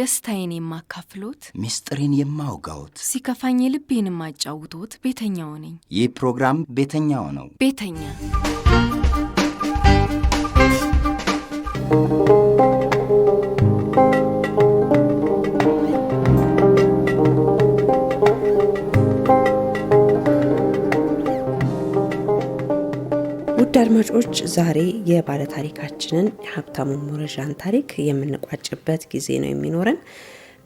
ደስታዬን የማካፍሎት፣ ምስጢሬን የማውጋዎት፣ ሲከፋኝ ልቤን የማጫውቶት ቤተኛው ነኝ። ይህ ፕሮግራም ቤተኛው ነው። ቤተኛ አድማጮች ዛሬ የባለታሪካችንን የሀብታሙ ሞረዣን ታሪክ የምንቋጭበት ጊዜ ነው የሚኖረን።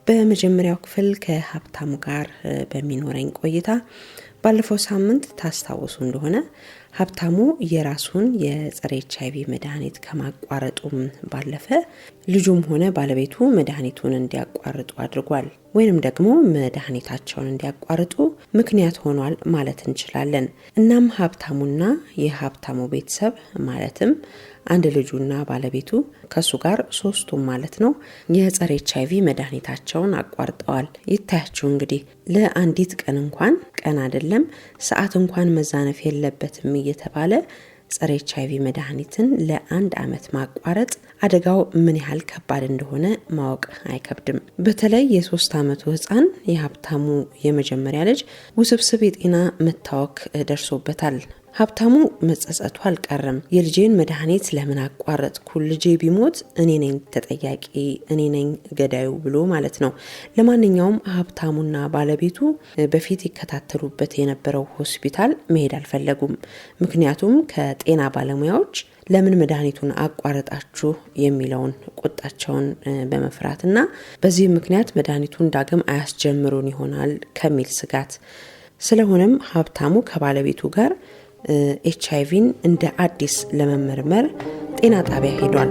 በመጀመሪያው ክፍል ከሀብታሙ ጋር በሚኖረኝ ቆይታ ባለፈው ሳምንት ታስታውሱ እንደሆነ ሀብታሙ የራሱን የጸረ ኤች አይቪ መድኃኒት ከማቋረጡም ባለፈ ልጁም ሆነ ባለቤቱ መድኃኒቱን እንዲያቋርጡ አድርጓል፣ ወይንም ደግሞ መድኃኒታቸውን እንዲያቋርጡ ምክንያት ሆኗል ማለት እንችላለን። እናም ሀብታሙና የሀብታሙ ቤተሰብ ማለትም አንድ ልጁና ባለቤቱ ከሱ ጋር ሶስቱም ማለት ነው የጸረ ኤች አይቪ መድኃኒታቸውን አቋርጠዋል። ይታያችሁ እንግዲህ ለአንዲት ቀን እንኳን ቀን አይደለም ሰዓት እንኳን መዛነፍ የለበትም እየተባለ ጸረ ኤች አይቪ መድኃኒትን ለአንድ ዓመት ማቋረጥ አደጋው ምን ያህል ከባድ እንደሆነ ማወቅ አይከብድም። በተለይ የሶስት ዓመቱ ህፃን የሀብታሙ የመጀመሪያ ልጅ ውስብስብ የጤና መታወክ ደርሶበታል። ሀብታሙ መጸጸቱ አልቀረም። የልጄን መድኃኒት ለምን አቋረጥኩ? ልጄ ቢሞት እኔ ነኝ ተጠያቂ፣ እኔ ነኝ ገዳዩ ብሎ ማለት ነው። ለማንኛውም ሀብታሙና ባለቤቱ በፊት ይከታተሉበት የነበረው ሆስፒታል መሄድ አልፈለጉም። ምክንያቱም ከጤና ባለሙያዎች ለምን መድኃኒቱን አቋረጣችሁ የሚለውን ቁጣቸውን በመፍራትና በዚህ ምክንያት መድኃኒቱን ዳግም አያስጀምሩን ይሆናል ከሚል ስጋት ስለሆነም ሀብታሙ ከባለቤቱ ጋር ኤች አይቪን እንደ አዲስ ለመመርመር ጤና ጣቢያ ሄዷል።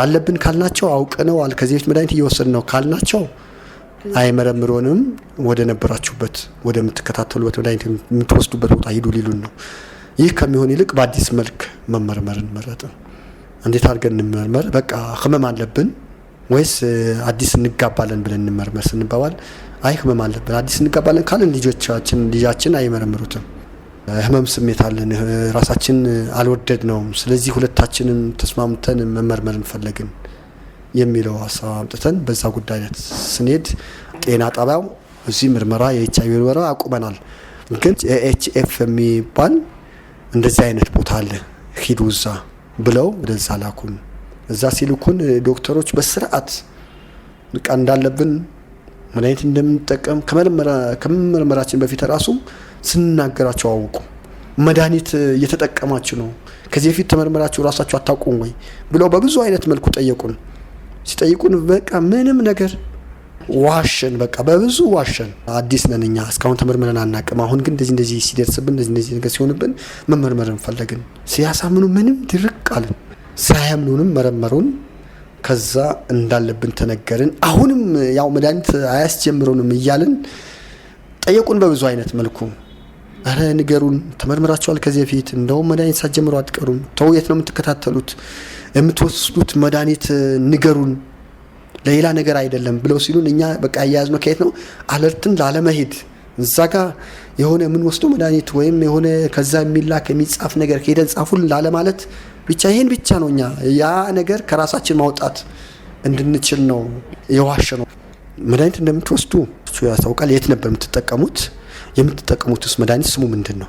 አለብን ካልናቸው አውቀነዋል፣ ከዚህ በፊት መድኃኒት እየወሰድ ነው ካልናቸው አይመረምሮንም። ወደ ነበራችሁበት ምትከታተሉበት መድኃኒት የምትወስዱበት ቦታ ሂዱ ሊሉን ነው። ይህ ከሚሆን ይልቅ በአዲስ መልክ መመርመርን መረጥን። እንዴት አድርገን እንመርመር? በቃ ህመም አለብን ወይስ አዲስ እንጋባለን ብለን እንመርመር ስንባባል አይ ህመም አለብን አዲስ እንጋባለን ካለን ልጆቻችን ልጃችን አይመረምሩትም። ህመም ስሜት አለን፣ ራሳችን አልወደድ ነው። ስለዚህ ሁለታችንን ተስማምተን መመርመር እንፈለግን የሚለው ሀሳብ አምጥተን በዛ ጉዳይ ነት ስንሄድ ጤና ጣቢያው እዚህ ምርመራ የኤች አይቪ ምርመራ አቁመናል፣ ግን ኤፍ የሚባል እንደዚህ አይነት ቦታ አለ ሂዱ እዛ ብለው ወደዛ ላኩን። እዛ ሲልኩን ዶክተሮች በስርዓት በቃ እንዳለብን መድኃኒት እንደምንጠቀም ከመመርመራችን በፊት ራሱ ስንናገራቸው አውቁ መድኃኒት እየተጠቀማችሁ ነው፣ ከዚህ በፊት ተመርመራችሁ ራሳችሁ አታውቁም ወይ ብለው በብዙ አይነት መልኩ ጠየቁን። ሲጠይቁን በቃ ምንም ነገር ዋሸን፣ በቃ በብዙ ዋሸን። አዲስ ነን እኛ እስካሁን ተመርምረን አናቅም። አሁን ግን እንደዚህ እንደዚህ ሲደርስብን፣ እንደዚህ እንደዚህ ነገር ሲሆንብን መመርመርን ፈለግን። ሲያሳምኑ ምንም ድርቅ አለን። ሳያምኑንም መረመሩን። ከዛ እንዳለብን ተነገርን። አሁንም ያው መድኃኒት አያስጀምሩንም እያልን ጠየቁን በብዙ አይነት መልኩ። እረ ንገሩን፣ ተመርምራችኋል ከዚህ በፊት እንደውም መድኃኒት ሳትጀምሩ አትቀሩም። ተው፣ የት ነው የምትከታተሉት? የምትወስዱት መድኃኒት ንገሩን፣ ለሌላ ነገር አይደለም ብለው ሲሉን እኛ በቃ እያያዝ ነው ከየት ነው አለርትን ላለመሄድ እዛ ጋ የሆነ የምንወስደው መድኃኒት ወይም የሆነ ከዛ የሚላክ የሚጻፍ ነገር ከሄደን ጻፉን ላለማለት ብቻ ይህን ብቻ ነው እኛ ያ ነገር ከራሳችን ማውጣት እንድንችል ነው የዋሸ ነው። መድኃኒት እንደምትወስዱ እሱ ያስታውቃል። የት ነበር የምትጠቀሙት? የምትጠቀሙት ውስጥ መድኃኒት ስሙ ምንድን ነው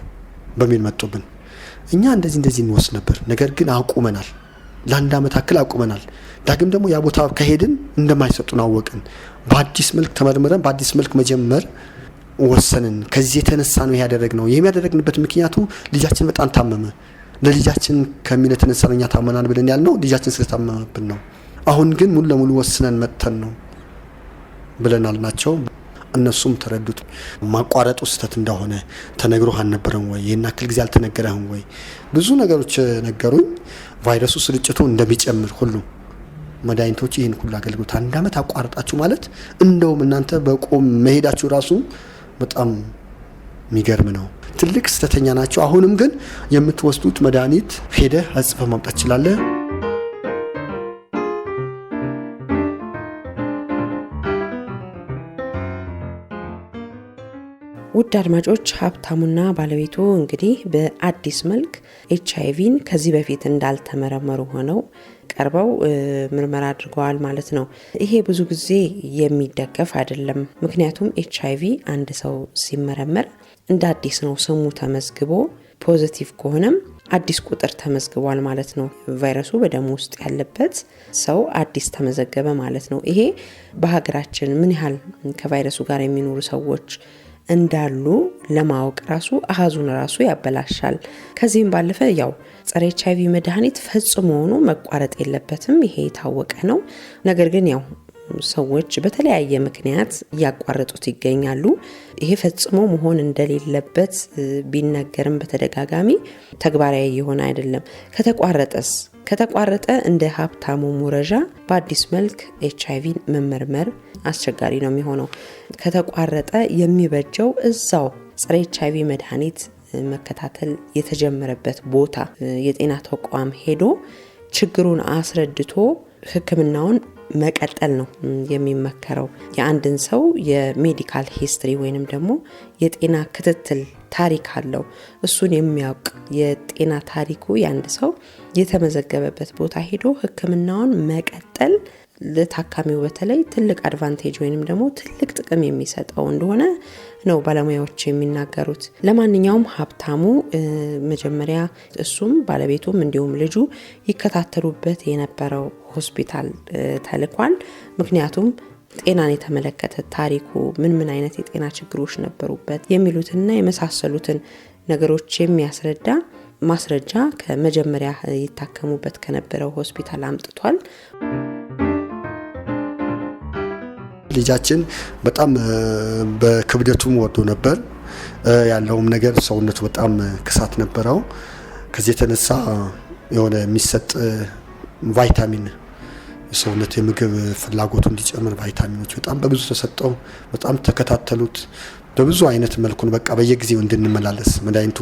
በሚል መጡብን። እኛ እንደዚህ እንደዚህ እንወስድ ነበር፣ ነገር ግን አቁመናል። ለአንድ ዓመት አክል አቁመናል። ዳግም ደግሞ ያ ቦታ ከሄድን እንደማይሰጡን አወቅን። በአዲስ መልክ ተመርምረን በአዲስ መልክ መጀመር ወሰንን። ከዚህ የተነሳ ነው ያደረግነው። የሚያደረግንበት ምክንያቱ ልጃችን በጣም ታመመ። ለልጃችን ከሚል የተነሳ እኛ ታመናል ብለን ያልነው ልጃችን ስለታመመብን ነው። አሁን ግን ሙሉ ለሙሉ ወስነን መጥተን ነው ብለናል ናቸው። እነሱም ተረዱት። ማቋረጡ ስህተት እንደሆነ ተነግሮህ አልነበረም ወይ? ይህን ያክል ጊዜ አልተነገረህም ወይ? ብዙ ነገሮች ነገሩኝ። ቫይረሱ ስርጭቱ እንደሚጨምር ሁሉ መድኃኒቶች ይህን ሁሉ አገልግሎት አንድ ዓመት አቋረጣችሁ ማለት እንደውም እናንተ በቆም መሄዳችሁ ራሱ በጣም የሚገርም ነው። ትልቅ ስህተተኛ ናቸው። አሁንም ግን የምትወስዱት መድኃኒት ሄደ አጽፈ ማምጣት ትችላለህ። ውድ አድማጮች ሀብታሙና ባለቤቱ እንግዲህ በአዲስ መልክ ኤች አይቪን ከዚህ በፊት እንዳልተመረመሩ ሆነው ቀርበው ምርመራ አድርገዋል ማለት ነው። ይሄ ብዙ ጊዜ የሚደገፍ አይደለም። ምክንያቱም ኤች አይቪ አንድ ሰው ሲመረመር እንደ አዲስ ነው ስሙ ተመዝግቦ ፖዚቲቭ ከሆነም አዲስ ቁጥር ተመዝግቧል ማለት ነው። ቫይረሱ በደም ውስጥ ያለበት ሰው አዲስ ተመዘገበ ማለት ነው። ይሄ በሀገራችን ምን ያህል ከቫይረሱ ጋር የሚኖሩ ሰዎች እንዳሉ ለማወቅ ራሱ አሃዙን ራሱ ያበላሻል። ከዚህም ባለፈ ያው ጸረ ኤች አይቪ መድኃኒት ፈጽሞ ሆኖ መቋረጥ የለበትም። ይሄ የታወቀ ነው። ነገር ግን ያው ሰዎች በተለያየ ምክንያት እያቋረጡት ይገኛሉ። ይሄ ፈጽሞ መሆን እንደሌለበት ቢነገርም በተደጋጋሚ ተግባራዊ የሆነ አይደለም። ከተቋረጠስ? ከተቋረጠ እንደ ሀብታሙ ሙረዣ በአዲስ መልክ ኤች አይቪን መመርመር አስቸጋሪ ነው የሚሆነው። ከተቋረጠ የሚበጀው እዛው ጸረ ኤች አይቪ መድኃኒት መከታተል የተጀመረበት ቦታ የጤና ተቋም ሄዶ ችግሩን አስረድቶ ሕክምናውን መቀጠል ነው የሚመከረው። የአንድን ሰው የሜዲካል ሂስትሪ ወይንም ደግሞ የጤና ክትትል ታሪክ አለው። እሱን የሚያውቅ የጤና ታሪኩ የአንድ ሰው የተመዘገበበት ቦታ ሄዶ ህክምናውን መቀጠል ለታካሚው በተለይ ትልቅ አድቫንቴጅ ወይንም ደግሞ ትልቅ ጥቅም የሚሰጠው እንደሆነ ነው ባለሙያዎች የሚናገሩት። ለማንኛውም ሀብታሙ መጀመሪያ እሱም ባለቤቱም እንዲሁም ልጁ ይከታተሉበት የነበረው ሆስፒታል ተልኳል። ምክንያቱም ጤናን የተመለከተ ታሪኩ ምን ምን አይነት የጤና ችግሮች ነበሩበት የሚሉትንና የመሳሰሉትን ነገሮች የሚያስረዳ ማስረጃ ከመጀመሪያ ይታከሙበት ከነበረው ሆስፒታል አምጥቷል። ልጃችን በጣም በክብደቱም ወዶ ነበር ያለውም ነገር ሰውነቱ በጣም ክሳት ነበረው። ከዚህ የተነሳ የሆነ የሚሰጥ ቫይታሚን ሰውነት የምግብ ፍላጎቱ እንዲጨምር ቫይታሚኖች በጣም በብዙ ተሰጠው። በጣም ተከታተሉት በብዙ አይነት መልኩን በቃ በየጊዜው እንድንመላለስ መድኃኒቱ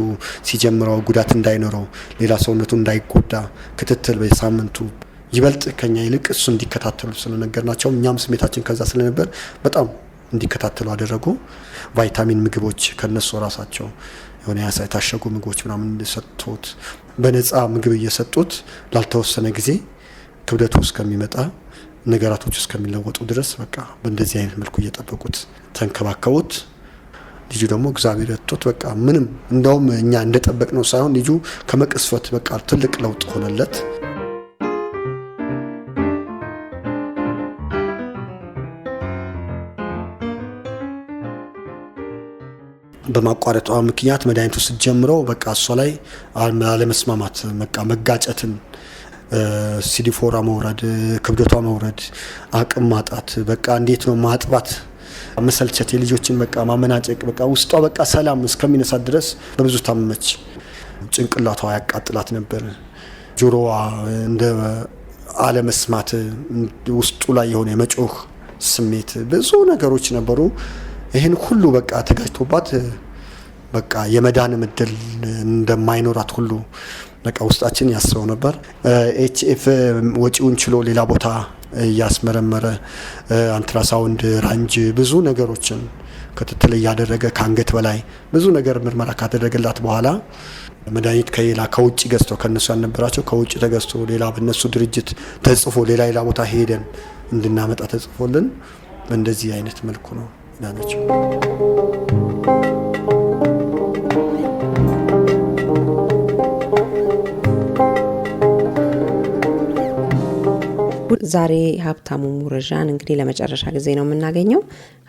ሲጀምረው ጉዳት እንዳይኖረው ሌላ ሰውነቱ እንዳይጎዳ ክትትል በሳምንቱ ይበልጥ ከኛ ይልቅ እሱ እንዲከታተሉ ስለነገር ናቸው። እኛም ስሜታችን ከዛ ስለነበር በጣም እንዲከታተሉ አደረጉ። ቫይታሚን ምግቦች ከነሱ ራሳቸው የሆነ ያሳ የታሸጉ ምግቦች ምናምን እንደሰጡት በነፃ ምግብ እየሰጡት ላልተወሰነ ጊዜ ክብደቱ እስከሚመጣ ነገራቶች እስከሚለወጡ ድረስ በቃ በእንደዚህ አይነት መልኩ እየጠበቁት ተንከባከቡት። ልጁ ደግሞ እግዚአብሔር ያጥቶት በቃ ምንም እንደውም እኛ እንደጠበቅ ነው ሳይሆን ልጁ ከመቅስፈት በቃ ትልቅ ለውጥ ሆነለት። በማቋረጧ ምክንያት መድኃኒቱ ስትጀምሮ በቃ እሷ ላይ አለመስማማት በቃ መጋጨትን ሲዲፎራ መውረድ፣ ክብደቷ መውረድ፣ አቅም ማጣት በቃ እንዴት ነው ማጥባት መሰልቸት፣ የልጆችን በቃ ማመናጨቅ በቃ ውስጧ በቃ ሰላም እስከሚነሳት ድረስ በብዙ ታመመች። ጭንቅላቷ ያቃጥላት ነበር። ጆሮዋ እንደ አለመስማት፣ ውስጡ ላይ የሆነ የመጮህ ስሜት፣ ብዙ ነገሮች ነበሩ። ይህን ሁሉ በቃ ተጋጅቶባት በቃ የመዳን ምድል እንደማይኖራት ሁሉ በቃ ውስጣችን ያስበው ነበር። ኤችኤፍ ወጪውን ችሎ ሌላ ቦታ እያስመረመረ አንትራሳውንድ፣ ራንጅ ብዙ ነገሮችን ክትትል እያደረገ ከአንገት በላይ ብዙ ነገር ምርመራ ካደረገላት በኋላ መድኃኒት ከሌላ ከውጭ ገዝቶ ከነሱ ያልነበራቸው ከውጭ ተገዝቶ ሌላ በነሱ ድርጅት ተጽፎ ሌላ ሌላ ቦታ ሄደን እንድናመጣ ተጽፎልን በእንደዚህ አይነት መልኩ ነው 나누죠. ዛሬ ሀብታሙ ሙረዣን እንግዲህ ለመጨረሻ ጊዜ ነው የምናገኘው።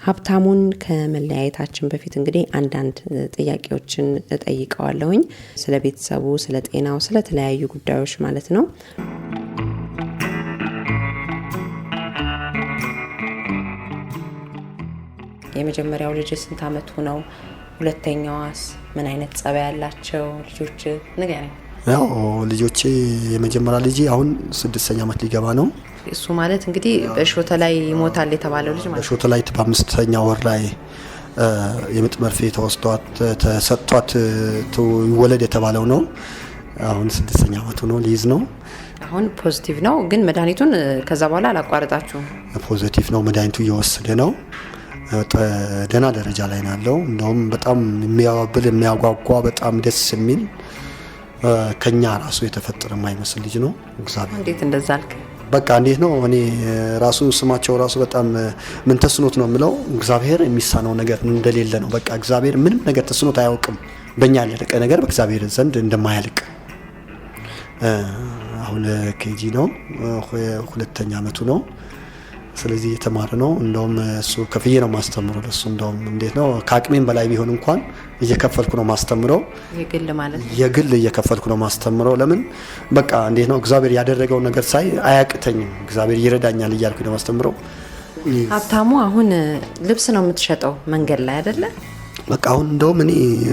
ሀብታሙን ከመለያየታችን በፊት እንግዲህ አንዳንድ ጥያቄዎችን እጠይቀዋለሁኝ። ስለ ቤተሰቡ፣ ስለ ጤናው፣ ስለተለያዩ ጉዳዮች ማለት ነው። የመጀመሪያው ልጅ ስንት አመቱ ነው? ሁለተኛዋስ ምን አይነት ጸባይ ያላቸው ልጆች ንገረኝ። ያው ልጆቼ የመጀመሪያ ልጅ አሁን ስድስተኛ አመት ሊገባ ነው። እሱ ማለት እንግዲህ በሾተ ላይ ይሞታል የተባለው ልጅ ማለት በሾተ ላይ በአምስተኛ ወር ላይ የምጥ መርፌ ተወስዷት ተሰጥቷት ይወለድ የተባለው ነው። አሁን ስድስተኛ አመቱ ነው፣ ሊይዝ ነው። አሁን ፖዚቲቭ ነው፣ ግን መድኃኒቱን ከዛ በኋላ አላቋረጣችሁም? ፖዚቲቭ ነው፣ መድኃኒቱ እየወሰደ ነው። ደህና ደረጃ ላይ ነው ያለው። እንደውም በጣም የሚያባብል የሚያጓጓ በጣም ደስ የሚል ከኛ ራሱ የተፈጠረ የማይመስል ልጅ ነው። እግዚአብሔር እንዴት እንደዛ አልክ? በቃ እንዴት ነው እኔ ራሱ ስማቸው ራሱ በጣም ምን ተስኖት ነው የምለው፣ እግዚአብሔር የሚሳነው ነገር እንደሌለ ነው። በቃ እግዚአብሔር ምንም ነገር ተስኖት አያውቅም። በእኛ ያለቀ ነገር በእግዚአብሔር ዘንድ እንደማያልቅ አሁን ኬጂ ነው፣ ሁለተኛ አመቱ ነው። ስለዚህ እየተማረ ነው። እንደውም እሱ ከፍዬ ነው ማስተምሮ ለሱ እንደውም እንዴት ነው ከአቅሜም በላይ ቢሆን እንኳን እየከፈልኩ ነው ማስተምረው። የግል እየከፈልኩ ነው ማስተምረው። ለምን በቃ እንዴት ነው እግዚአብሔር ያደረገው ነገር ሳይ አያቅተኝም። እግዚአብሔር ይረዳኛል እያልኩ ነው ማስተምረው። ሀብታሙ፣ አሁን ልብስ ነው የምትሸጠው መንገድ ላይ አይደለም። በቃ አሁን እንደውም እኔ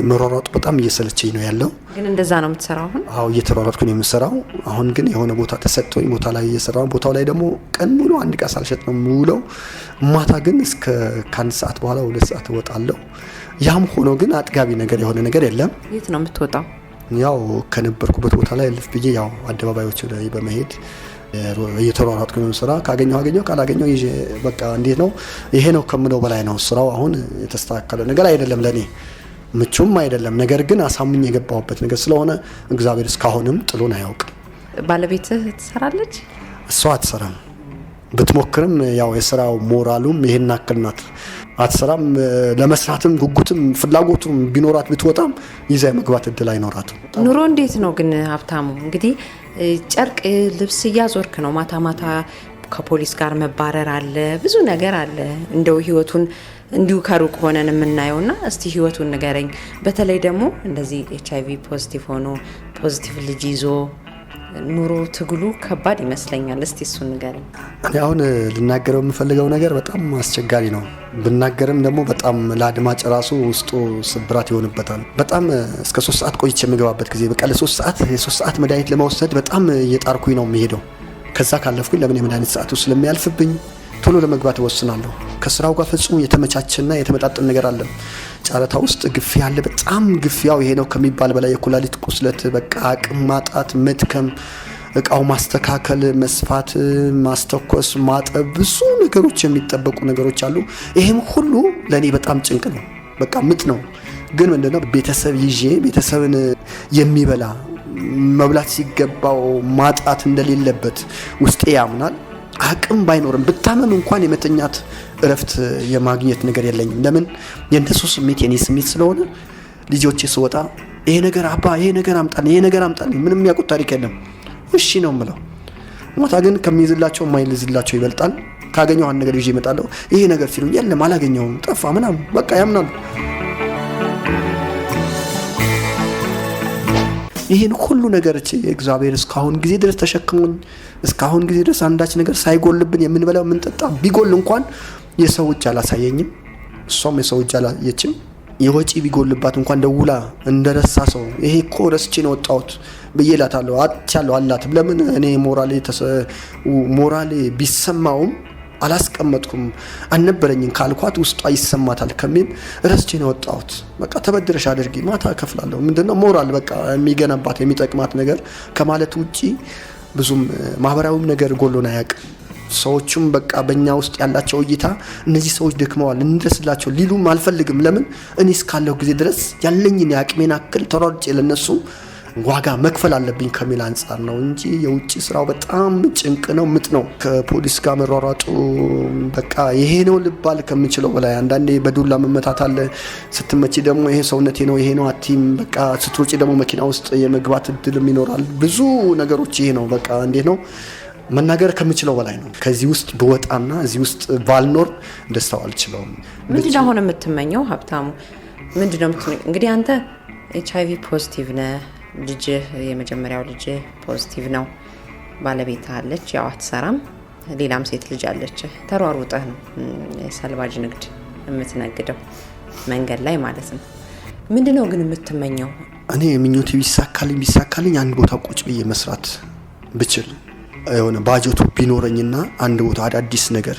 መሯሯጡ በጣም እየሰለቸኝ ነው ያለው። ግን እንደዛ ነው የምትሰራው አሁን? አዎ እየተሯሯጥኩ ነው የምሰራው። አሁን ግን የሆነ ቦታ ተሰጥቶኝ ቦታ ላይ እየሰራ ቦታው ላይ ደግሞ ቀን ሙሉ አንድ ዕቃ ሳልሸጥ ነው የምውለው። ማታ ግን እስከ ከአንድ ሰዓት በኋላ ሁለት ሰዓት እወጣለሁ። ያም ሆኖ ግን አጥጋቢ ነገር የሆነ ነገር የለም። የት ነው የምትወጣው? ያው ከነበርኩበት ቦታ ላይ ልፍ ብዬ ያው አደባባዮች ላይ በመሄድ እየተሯሯጥኩ ስራ ካገኘሁ አገኘሁ ካላገኘሁ ይዤ በቃ እንዴት ነው ይሄ ነው ከምለው በላይ ነው። ስራው አሁን የተስተካከለ ነገር አይደለም ለእኔ ምቹም አይደለም። ነገር ግን አሳምኝ የገባሁበት ነገር ስለሆነ እግዚአብሔር እስካሁንም ጥሎን አያውቅም። ባለቤትህ ትሰራለች? እሷ አትሰራም። ብትሞክርም ያው የስራው ሞራሉም ይሄን አክል ናት። አትሰራም። ለመስራትም ጉጉትም ፍላጎቱም ቢኖራት ብትወጣም ይዛ የመግባት እድል አይኖራትም። ኑሮ እንዴት ነው ግን ሀብታሙ? እንግዲህ ጨርቅ ልብስ እያዞርክ ነው ማታ ማታ ከፖሊስ ጋር መባረር አለ፣ ብዙ ነገር አለ። እንደው ህይወቱን እንዲሁ ከሩቅ ሆነን የምናየው ና እስቲ ህይወቱን ንገረኝ። በተለይ ደግሞ እንደዚህ ኤች አይቪ ፖዚቲቭ ሆኖ ፖዚቲቭ ልጅ ይዞ ኑሮ ትግሉ ከባድ ይመስለኛል። እስቲ እሱን ንገረኝ። አሁን ልናገረው የምፈልገው ነገር በጣም አስቸጋሪ ነው። ብናገርም ደግሞ በጣም ለአድማጭ ራሱ ውስጡ ስብራት ይሆንበታል። በጣም እስከ ሶስት ሰዓት ቆይቼ የምገባበት ጊዜ በቃ ለሶስት ሰዓት የሶስት ሰዓት መድኃኒት ለመውሰድ በጣም እየጣርኩኝ ነው የሚሄደው። ከዛ ካለፍኩኝ ለምን የመድኃኒት ሰዓቱ ስለሚያልፍብኝ ቶሎ ለመግባት እወስናለሁ። ከስራው ጋር ፈጽሞ የተመቻቸና የተመጣጠን ነገር አለም ጨረታ ውስጥ ግፊያ አለ። በጣም ግፊያው ይሄ ነው ከሚባል በላይ የኩላሊት ቁስለት፣ በቃ አቅም ማጣት፣ መድከም፣ እቃው ማስተካከል፣ መስፋት፣ ማስተኮስ፣ ማጠብ፣ ብዙ ነገሮች የሚጠበቁ ነገሮች አሉ። ይህም ሁሉ ለእኔ በጣም ጭንቅ ነው። በቃ ምጥ ነው። ግን ምንድነው ቤተሰብ ይዤ ቤተሰብን የሚበላ መብላት ሲገባው ማጣት እንደሌለበት ውስጤ ያምናል። አቅም ባይኖርም ብታመም እንኳን የመተኛት እረፍት የማግኘት ነገር የለኝም። ለምን የእነሱ ስሜት የኔ ስሜት ስለሆነ ልጆቼ ስወጣ ይሄ ነገር አባ፣ ይሄ ነገር አምጣልኝ፣ ይሄ ነገር አምጣልኝ፣ ምንም የሚያውቁት ታሪክ የለም። እሺ ነው የምለው። ማታ ግን ከሚይዝላቸው የማይልዝላቸው ይበልጣል። ካገኘው አንድ ነገር ይዤ እመጣለሁ። ይሄ ነገር ሲሉኝ የለም፣ አላገኘውም፣ ጠፋ ምናምን በቃ ያምናሉ። ይህን ሁሉ ነገር እግዚአብሔር እስካሁን ጊዜ ድረስ ተሸክሞን እስካሁን ጊዜ ድረስ አንዳች ነገር ሳይጎልብን የምንበላው የምንጠጣ ቢጎል እንኳን የሰው እጅ አላሳየኝም፣ እሷም የሰው እጅ አላየችም። የወጪ ቢጎልባት እንኳን ደውላ እንደረሳ ሰው ይሄ እኮ ረስቼ ነው ወጣሁት ብዬ እላታለሁ። አትቻለሁ አላትም። ለምን እኔ ሞራሌ ሞራሌ ቢሰማውም አላስቀመጥኩም አልነበረኝም ካልኳት ውስጧ ይሰማታል ከሚል ረስቼ ነው ወጣሁት። በቃ ተበድረሽ አድርጊ ማታ እከፍላለሁ ምንድነው ሞራል በቃ የሚገነባት የሚጠቅማት ነገር ከማለት ውጪ ብዙም ማህበራዊም ነገር ጎሎን አያውቅም። ሰዎቹም በቃ በእኛ ውስጥ ያላቸው እይታ እነዚህ ሰዎች ደክመዋል እንድረስላቸው ሊሉም አልፈልግም። ለምን እኔ እስካለሁ ጊዜ ድረስ ያለኝን የአቅሜን አክል ተሯርጬ ለነሱ ዋጋ መክፈል አለብኝ ከሚል አንጻር ነው እንጂ የውጭ ስራው በጣም ጭንቅ ነው፣ ምጥ ነው። ከፖሊስ ጋር መሯሯጡ በቃ ይሄ ነው ልባል ከምችለው በላይ አንዳንዴ በዱላ መመታት አለ። ስትመቺ ደግሞ ይሄ ሰውነቴ ነው ይሄ ነው አቲም በቃ ስትሮጪ ደግሞ መኪና ውስጥ የመግባት እድልም ይኖራል። ብዙ ነገሮች ይሄ ነው በቃ እንዴት ነው መናገር ከምችለው በላይ ነው። ከዚህ ውስጥ ብወጣና እዚህ ውስጥ ባልኖር ደስታው አልችለውም። ምንድን አሁን የምትመኘው ሀብታሙ? ምንድነው እንግዲህ አንተ ኤች አይቪ ፖዚቲቭ ነህ ልጅህ የመጀመሪያው ልጅህ ፖዚቲቭ ነው፣ ባለቤት አለች፣ ያው አትሰራም፣ ሌላም ሴት ልጅ አለች። ተሯሩጠህ ነው የሰልባጅ ንግድ የምትነግደው መንገድ ላይ ማለት ነው። ምንድነው ግን የምትመኘው? እኔ ምኞቴ ቢሳካልኝ ቢሳካልኝ አንድ ቦታ ቁጭ ብዬ መስራት ብችል የሆነ ባጀቱ ቢኖረኝና አንድ ቦታ አዳዲስ ነገር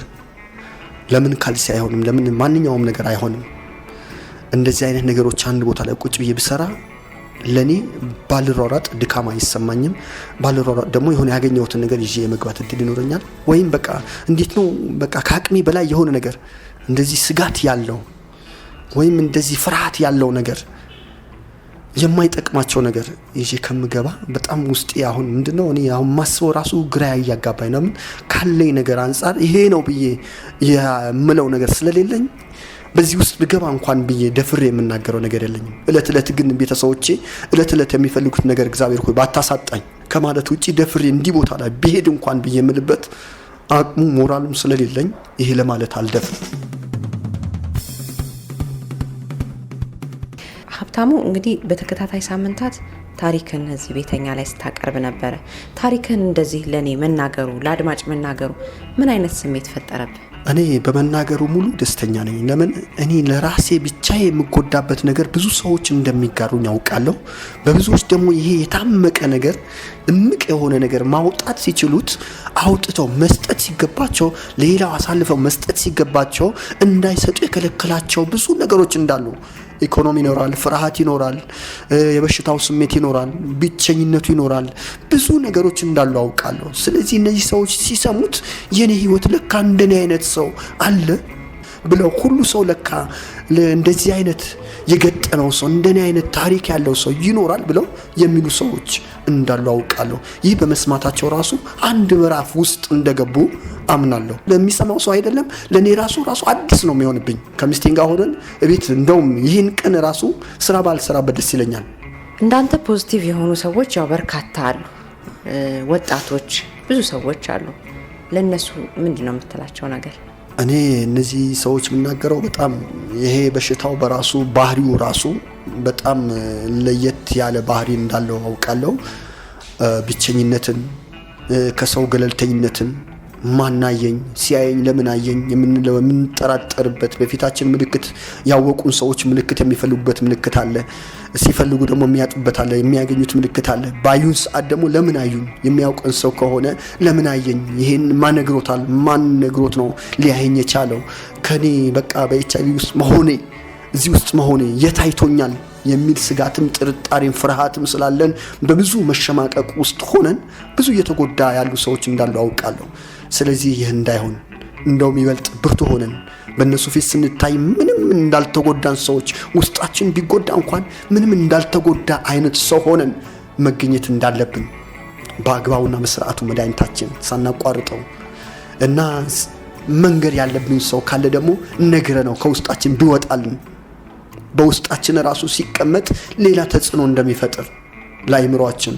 ለምን ካልሲ አይሆንም? ለምን ማንኛውም ነገር አይሆንም? እንደዚህ አይነት ነገሮች አንድ ቦታ ላይ ቁጭ ብዬ ብሰራ ለእኔ ባልሯሯጥ ድካም አይሰማኝም። ባልሯሯጥ ደግሞ የሆነ ያገኘሁትን ነገር ይዤ የመግባት እድል ይኖረኛል። ወይም በቃ እንዴት ነው በቃ ከአቅሜ በላይ የሆነ ነገር እንደዚህ ስጋት ያለው ወይም እንደዚህ ፍርሃት ያለው ነገር የማይጠቅማቸው ነገር ይዤ ከምገባ በጣም ውስጤ አሁን ምንድነው እኔ አሁን ማስበው ራሱ ግራ እያጋባኝ ነው። ምን ካለኝ ነገር አንጻር ይሄ ነው ብዬ የምለው ነገር ስለሌለኝ በዚህ ውስጥ ብገባ እንኳን ብዬ ደፍሬ የምናገረው ነገር የለኝም። እለት እለት ግን ቤተሰቦቼ እለት እለት የሚፈልጉት ነገር እግዚአብሔር ሆይ ባታሳጣኝ ከማለት ውጭ ደፍሬ እንዲህ ቦታ ላይ ብሄድ እንኳን ብዬ የምልበት አቅሙ ሞራሉም ስለሌለኝ ይሄ ለማለት አልደፍርም። ሀብታሙ እንግዲህ በተከታታይ ሳምንታት ታሪክን እዚህ ቤተኛ ላይ ስታቀርብ ነበረ። ታሪክን እንደዚህ ለእኔ መናገሩ ለአድማጭ መናገሩ ምን አይነት ስሜት ፈጠረብህ? እኔ በመናገሩ ሙሉ ደስተኛ ነኝ። ለምን እኔ ለራሴ ብቻ የምጎዳበት ነገር ብዙ ሰዎች እንደሚጋሩኝ ያውቃለሁ። በብዙዎች ደግሞ ይሄ የታመቀ ነገር እምቅ የሆነ ነገር ማውጣት ሲችሉት አውጥተው መስጠት ሲገባቸው ሌላው አሳልፈው መስጠት ሲገባቸው እንዳይሰጡ የከለከላቸው ብዙ ነገሮች እንዳሉ ኢኮኖሚ ይኖራል፣ ፍርሃት ይኖራል፣ የበሽታው ስሜት ይኖራል፣ ብቸኝነቱ ይኖራል። ብዙ ነገሮች እንዳሉ አውቃለሁ። ስለዚህ እነዚህ ሰዎች ሲሰሙት የኔ ህይወት ለካ እንደኔ አይነት ሰው አለ ብለው ሁሉ ሰው ለካ እንደዚህ አይነት የገጠመው ሰው እንደኔ አይነት ታሪክ ያለው ሰው ይኖራል ብለው የሚሉ ሰዎች እንዳሉ አውቃለሁ። ይህ በመስማታቸው ራሱ አንድ ምዕራፍ ውስጥ እንደገቡ አምናለሁ። ለሚሰማው ሰው አይደለም ለእኔ ራሱ ራሱ አዲስ ነው የሚሆንብኝ። ከሚስቴን ጋር ሆነን እቤት እንደውም ይህን ቀን ራሱ ስራ ባልሰራበት ደስ ይለኛል። እንዳንተ ፖዚቲቭ የሆኑ ሰዎች ያው በርካታ አሉ። ወጣቶች፣ ብዙ ሰዎች አሉ። ለእነሱ ምንድን ነው የምትላቸው ነገር? እኔ እነዚህ ሰዎች የምናገረው በጣም ይሄ በሽታው በራሱ ባህሪው ራሱ በጣም ለየት ያለ ባህሪ እንዳለው አውቃለሁ። ብቸኝነትን፣ ከሰው ገለልተኝነትን ማናየኝ ሲያየኝ ለምን አየኝ የምንጠራጠርበት በፊታችን ምልክት ያወቁን ሰዎች ምልክት የሚፈልጉበት ምልክት አለ። ሲፈልጉ ደግሞ የሚያጡበት አለ። የሚያገኙት ምልክት አለ። ባዩን ሰዓት ደግሞ ለምን አዩኝ የሚያውቀን ሰው ከሆነ ለምን አየኝ ይሄን ማነግሮታል ነግሮት ነው ሊያየኝ የቻለው ከኔ በቃ በኤች አይ ቪ ውስጥ መሆኔ እዚህ ውስጥ መሆኔ የታይቶኛል የሚል ስጋትም ጥርጣሬም ፍርሃትም ስላለን በብዙ መሸማቀቅ ውስጥ ሆነን ብዙ እየተጎዳ ያሉ ሰዎች እንዳሉ አውቃለሁ። ስለዚህ ይህ እንዳይሆን እንደውም ይበልጥ ብርቱ ሆነን በእነሱ ፊት ስንታይ ምንም እንዳልተጎዳን ሰዎች ውስጣችን ቢጎዳ እንኳን ምንም እንዳልተጎዳ አይነት ሰው ሆነን መገኘት እንዳለብን በአግባቡና በስርዓቱ መድኃኒታችን ሳናቋርጠው እና መንገድ ያለብን ሰው ካለ ደግሞ ነግረ ነው ከውስጣችን ቢወጣልን በውስጣችን ራሱ ሲቀመጥ ሌላ ተጽዕኖ እንደሚፈጥር ለአይምሯችን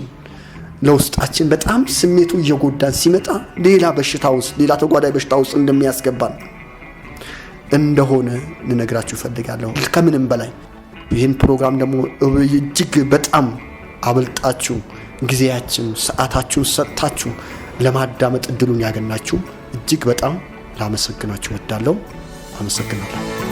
ለውስጣችን በጣም ስሜቱ እየጎዳን ሲመጣ ሌላ በሽታ ውስጥ ሌላ ተጓዳኝ በሽታ ውስጥ እንደሚያስገባን እንደሆነ ልነግራችሁ እፈልጋለሁ። ከምንም በላይ ይህን ፕሮግራም ደግሞ እጅግ በጣም አብልጣችሁ ጊዜያችን ሰዓታችሁን ሰጥታችሁ ለማዳመጥ እድሉን ያገናችሁ እጅግ በጣም ላመሰግናችሁ ወዳለሁ። አመሰግናለሁ።